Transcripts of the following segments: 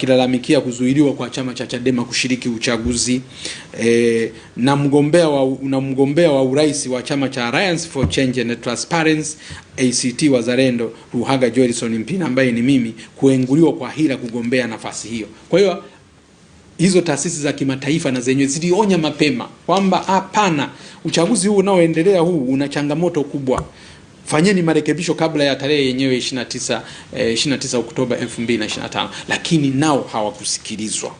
kilalamikia kuzuiliwa kwa chama cha Chadema kushiriki uchaguzi e, na mgombea wa, na mgombea wa urais wa chama cha Alliance for Change and Transparency ACT Wazalendo Ruhaga Joelson Mpina ambaye ni mimi kuenguliwa kwa hila kugombea nafasi hiyo. Kwa hiyo hizo taasisi za kimataifa na zenyewe zilionya mapema kwamba hapana, uchaguzi huu unaoendelea huu una changamoto kubwa fanyeni marekebisho kabla ya tarehe yenyewe 29, eh, 29 Oktoba 2025, lakini nao hawakusikilizwa.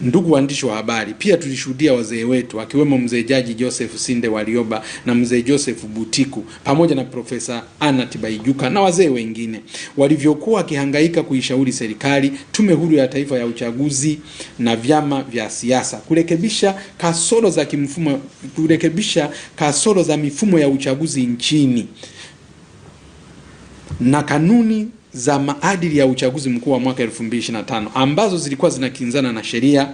Ndugu waandishi wa habari, pia tulishuhudia wazee wetu akiwemo mzee Jaji Joseph Sinde walioba na mzee Joseph Butiku pamoja na Profesa Anna Tibaijuka na wazee wengine walivyokuwa wakihangaika kuishauri serikali, Tume Huru ya Taifa ya Uchaguzi na vyama vya siasa kurekebisha kasoro za kimfumo, kurekebisha kasoro za mifumo ya uchaguzi nchini na kanuni za maadili ya uchaguzi mkuu wa mwaka 2025 ambazo zilikuwa zinakinzana na sheria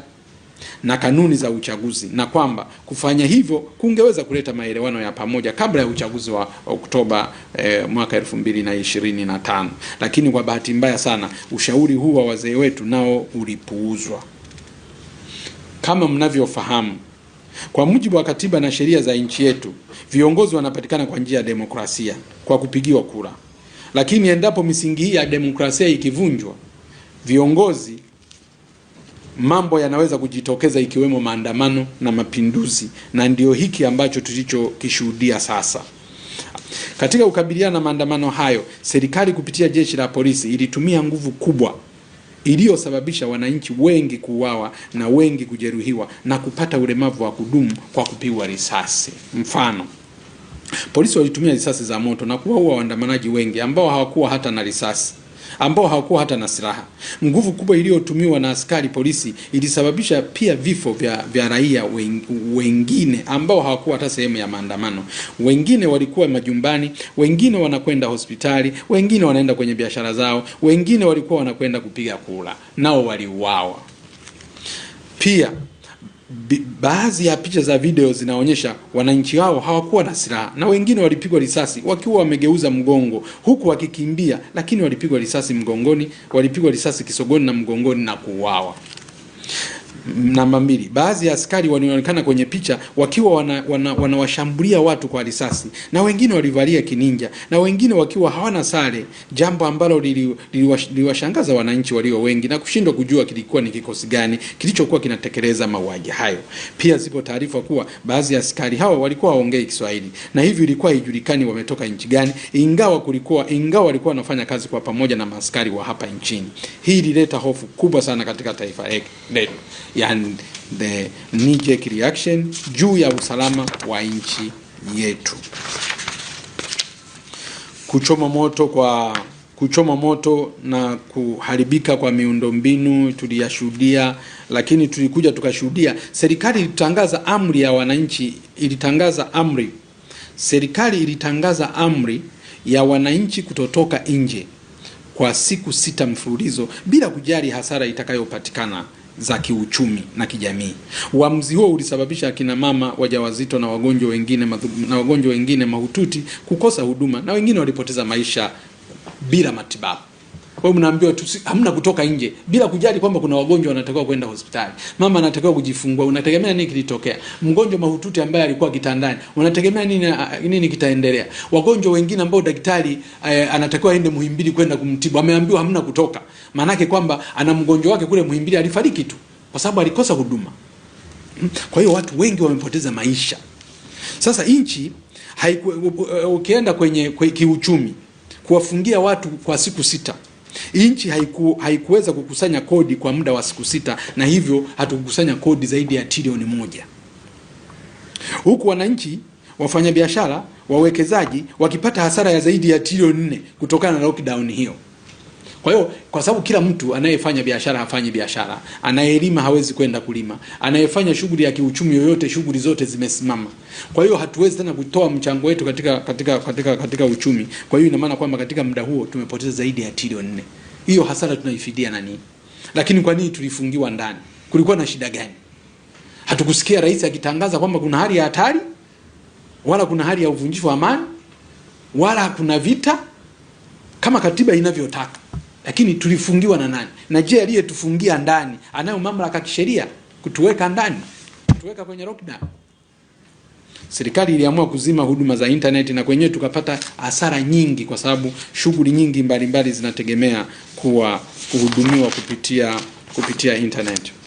na kanuni za uchaguzi na kwamba kufanya hivyo kungeweza kuleta maelewano ya pamoja kabla ya uchaguzi wa Oktoba eh, mwaka elfu mbili na ishirini na tano. Lakini kwa bahati mbaya sana ushauri huu wa wazee wetu nao ulipuuzwa. Kama mnavyofahamu, kwa mujibu wa katiba na sheria za nchi yetu, viongozi wanapatikana kwa njia ya demokrasia kwa kupigiwa kura. Lakini endapo misingi hii ya demokrasia ikivunjwa, viongozi, mambo yanaweza kujitokeza ikiwemo maandamano na mapinduzi, na ndio hiki ambacho tulichokishuhudia sasa. Katika kukabiliana na maandamano hayo, serikali kupitia jeshi la polisi ilitumia nguvu kubwa iliyosababisha wananchi wengi kuuawa na wengi kujeruhiwa na kupata ulemavu wa kudumu kwa kupigwa risasi mfano Polisi walitumia risasi za moto na kuwaua waandamanaji wengi ambao hawakuwa hata na risasi, ambao hawakuwa hata na silaha. Nguvu kubwa iliyotumiwa na askari polisi ilisababisha pia vifo vya, vya raia wengine ambao hawakuwa hata sehemu ya maandamano. Wengine walikuwa majumbani, wengine wanakwenda hospitali, wengine wanaenda kwenye biashara zao, wengine walikuwa wanakwenda kupiga kura, nao waliuawa pia baadhi ya picha za video zinaonyesha wananchi hao hawakuwa na silaha na wengine walipigwa risasi wakiwa wamegeuza mgongo huku wakikimbia, lakini walipigwa risasi mgongoni, walipigwa risasi kisogoni na mgongoni na kuuawa. Namba mbili, baadhi ya askari walionekana kwenye picha wakiwa wanawashambulia wana, wana watu kwa risasi na wengine walivalia kininja na wengine wakiwa hawana sare, jambo ambalo liliwashangaza li, wananchi walio wengi na kushindwa kujua kilikuwa ni kikosi gani kilichokuwa kinatekeleza mauaji hayo. Pia zipo taarifa kuwa baadhi ya askari hawa walikuwa hawaongei Kiswahili na hivyo ilikuwa haijulikani wametoka nchi gani, ingawa kulikuwa ingawa walikuwa wanafanya kazi kwa pamoja na maaskari wa hapa nchini. Hii ilileta hofu kubwa sana katika taifa letu yani the knee jerk reaction juu ya usalama wa nchi yetu. Kuchoma moto kwa kuchoma moto na kuharibika kwa miundombinu tuliyashuhudia, lakini tulikuja tukashuhudia serikali ilitangaza amri ya wananchi, ilitangaza amri, serikali ilitangaza amri ya wananchi kutotoka nje kwa siku sita mfululizo bila kujali hasara itakayopatikana za kiuchumi na kijamii. Uamuzi huo ulisababisha akina mama wajawazito na wagonjwa wengine na wagonjwa wengine mahututi kukosa huduma na wengine walipoteza maisha bila matibabu. Kwa hiyo mnaambiwa tu hamna kutoka nje bila kujali kwamba kuna wagonjwa wanatakiwa kwenda hospitali. Mama anatakiwa kujifungua, unategemea nini kilitokea? Mgonjwa mahututi ambaye alikuwa kitandani, unategemea nini nini kitaendelea? Wagonjwa wengine ambao daktari eh, anatakiwa aende Muhimbili kwenda kumtibu, ameambiwa hamna kutoka. Maana yake kwamba ana mgonjwa wake kule Muhimbili alifariki tu kwa sababu alikosa huduma. Kwa hiyo watu wengi wamepoteza maisha. Sasa nchi ukienda kwenye kwe, kiuchumi kuwafungia watu kwa siku sita Nchi haiku, haikuweza kukusanya kodi kwa muda wa siku sita, na hivyo hatukukusanya kodi zaidi ya trilioni moja, huku wananchi, wafanyabiashara, wawekezaji wakipata hasara ya zaidi ya trilioni nne kutokana na lockdown hiyo. Kwa hiyo kwa sababu kila mtu anayefanya biashara hafanyi biashara, anayelima hawezi kwenda kulima, anayefanya shughuli ya kiuchumi yoyote, shughuli zote zimesimama. Kwa hiyo hatuwezi tena kutoa mchango wetu katika katika katika katika uchumi. Kwa hiyo ina maana kwamba katika muda huo tumepoteza zaidi ya trilioni nne. Hiyo hasara tunaifidia nani? Lakini kwa nini tulifungiwa ndani? Kulikuwa na shida gani? Hatukusikia rais akitangaza kwamba kuna hali ya hatari wala kuna hali ya uvunjifu wa amani wala kuna vita kama katiba inavyotaka. Lakini tulifungiwa na nani? Na je, aliyetufungia ndani anayo mamlaka kisheria kutuweka ndani, kutuweka kwenye lockdown? Serikali iliamua kuzima huduma za internet na kwenyewe tukapata hasara nyingi, kwa sababu shughuli nyingi mbalimbali zinategemea kuwa kuhudumiwa kupitia kupitia internet.